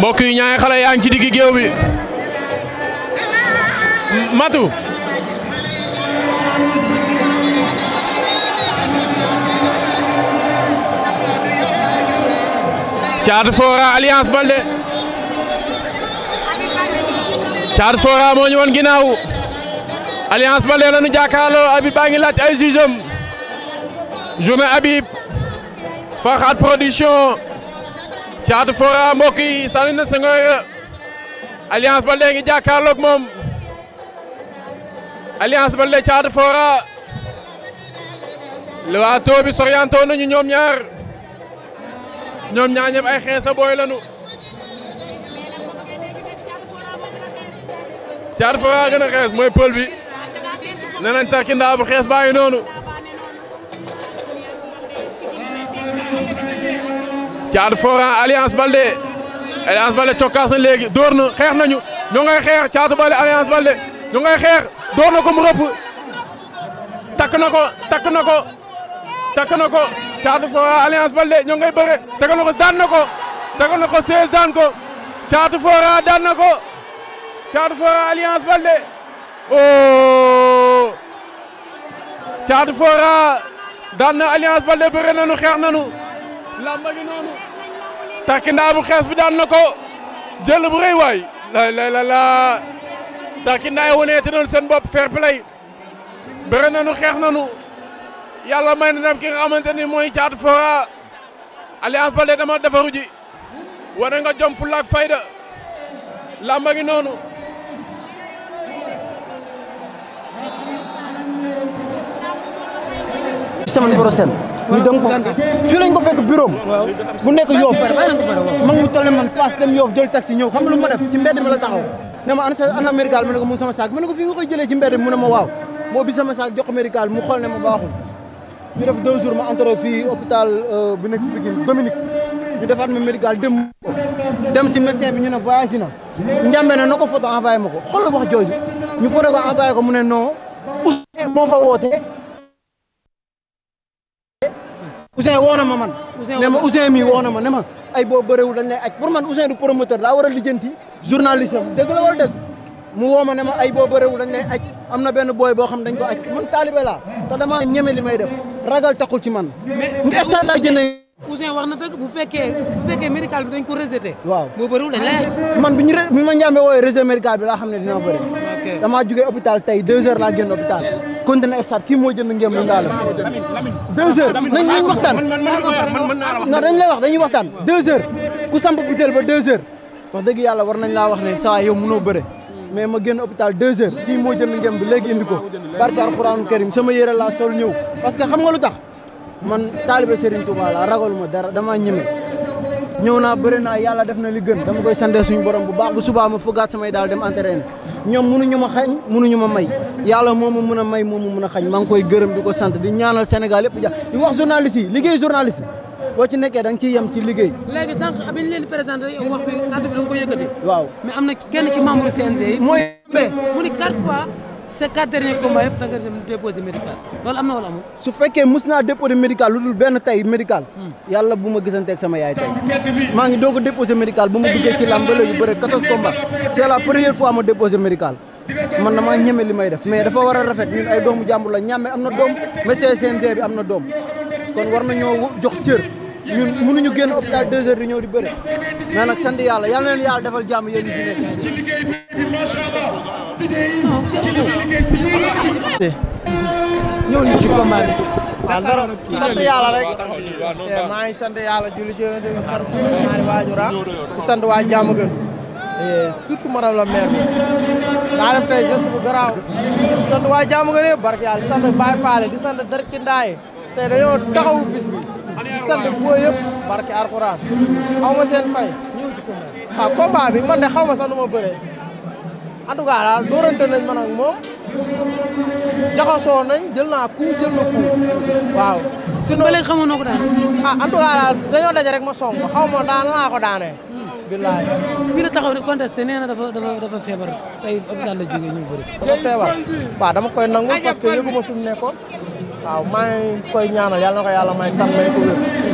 mbokk yi ñaari xale yaa ngi ci diggi géew bi matu Thiatou Fora Alliance Baldé Thiatou Fora moo ñu woon ginnaaw Alliance Baldé la ñu jàkkaarloo Habib baa ngi laaj ay jugeem journée Habib production Thiatou Fora mbokk yi sànni na Senghor alliance Baldé ngi jàkkaarloog moom alliance Baldé Thiatou Fora le waatoo bi soriantoo nañu ñoom ñaar ñoom ñaar ñëpp ay xeesa booy lañu Thiatou Fora gën a xees mooy pël bi nee nañ tarkindaa bu xees baa ngi Thiatou Franc Alliance Baldé Alliance Baldé cokkaas na léegi door na xeex nañu ñu ngay xeex Thiatou Baldé Alliance Baldé ñu ngay ko mu rëpp takk na ko takk na ko takk na ko Thiatou Franc Alliance Baldé ñu ngay bëre tegal na ko daan na ko tegal na ko 16 daan ko Thiatou Franc daan na ko oh! na Alliance lamba gi noonu takkindaa bu xees bi daan na ko jël bu rëy waay lay lay la laa takkindaa noonu seen bopp fair play bëre nanu xeex nanu yàlla may na dem ki nga xamante ni mooy caatu fora alliance Baldé dama defaru ji wane nga jom fulla ak fayda lamba noonu semaine ñu dem ko fii lañ ko fekk bureau bu nekk yoof mag mu toll ne man paas dem yoof jël taxi ñëw xam lu ma def ci mbedd mi la taxaw ne ma ana médical ma ne ko mun sama saak ma ne ko fii nga koy jëlee ci mbedd mu ne ma waaw moo bi sama saak jox médical mu xool ne ma baaxul ñu def deux jours ma entré fii hôpital euh, bu nekk Pikine Dominique defaat ma médical dem dem ci médecin bi ñu ne voyage na njàmbe ne na ko photo envoyé ma ko xool wax jooju ñu photo ko envoyé ko mu ne non moo fa Ousseyn woo na ma man. Ousseyn ne ma Ousseyn mii woo ma ne ma ay boo bëreewul dañ lay aj man Ousseyn du promoteur daa war a lijjanti journaliste am dëgg la wala dëgg mu woo ma ay boo bëreewul dañ lay aj am na benn booy boo xam dañ ko aj man taalibe laa te damaa ñeme li may def ragal taxul ci man. mais instant laa jëndee. Ousseyn wax na dëgg bu fekkee bu fekkee médical bi dañ ko rejeté. waaw boo bëreewul dañ lay man bi ñu bi ma njàmbee woowee rejet médical bi laa xam ne dina bëri. damaa jugee hôpital tey deux heures laa génn hôpital kon dana stade kii moo jënd ngeen mën ngaa la. deux heures nañ nañ waxtaan. na dañ lay wax dañuy waxtaan deux heures. ku samp butéel ba deux heures. wax dëgg yàlla war nañ laa wax ne saa yow mënoo bëre. mais ma génn hôpital deux heures. kii moo jënd ngeen bi léegi indi ko. barke alxuraanu karim sama yére laa sol ñëw. parce que xam nga lu tax man taalibe Serigne Touba laa ragal dara damaa ñeme. ñëw naa bëri naa yàlla def na li gën dama koy sante suñu borom bu baax bu subaa ma fuggaat samay daal dem entraîné ñoom mënuñu ma xañ mënuñu ma may yàlla moo ma mën a may moo ma mën a xañ maa ngi koy gërëm di ko sant di ñaanal Sénégal yëpp ja di wax journaliste liggéey journaliste boo ci nekkee da nga ciy yem ci liggéey léegi sànq bi ñu leen présenté wax bi kàddu bi da nga ko waaw mais am na kenn ci membre CNG yi mooy mu ni quatre fois ces quatre derniers combats yëpp da nga déposé médical naa déposé médical lu dul benn tey médical. Hmm. yàlla bu ma gisanteeg sama yaay tey. maa ngi doog a déposé médical bu ma duggee ci làmb ba léegi bëre 14 combats c'est la ma déposé médical. man damaa ñeme li may def mais dafa war a rafet ñun ay doomu jàmbur la ñàmme am na doom mais CNG bi am na doom kon war nañoo jox cër ñun mënuñu génn hôpital deux heures di ñëw di bëre mais nag sant yàlla yal na leen yàlla jàmm yéen ñi ñëw nañu ci combat bi. waaw dara sant yàlla rek. maa ngi sant yàlla julli ci yonent bi sant ah. di sant waa jàmm gën. Eh, surtout madame la maire bi. daa def tey geste bu garaaw. waa jàmm gën yëpp barke yàlla di sant Baye di sant Derki Ndaye. tey dañoo taxawu bis bi. di sant boo yëpp barke Alxuraan. xaw ma seen fay. waaw ah, combat bi man de xaw ma sax nu ma bëree. en tout cas daal dóorante nañ man ak moom jaxasoo nañ jël naa coup jël na coup waaw. sinon ba léegi xamoon na ko daan. ah en tout rek ma song ko xaw hmm. taxaw ni contesté nee na dafa dafa dafa feebar tey hôpital la jógee feebar waaw dama koy nangu parce que ma fi mu nekkoon waaw maa ngi koy ñaanal yàlla ko yàlla may tan may ko wér.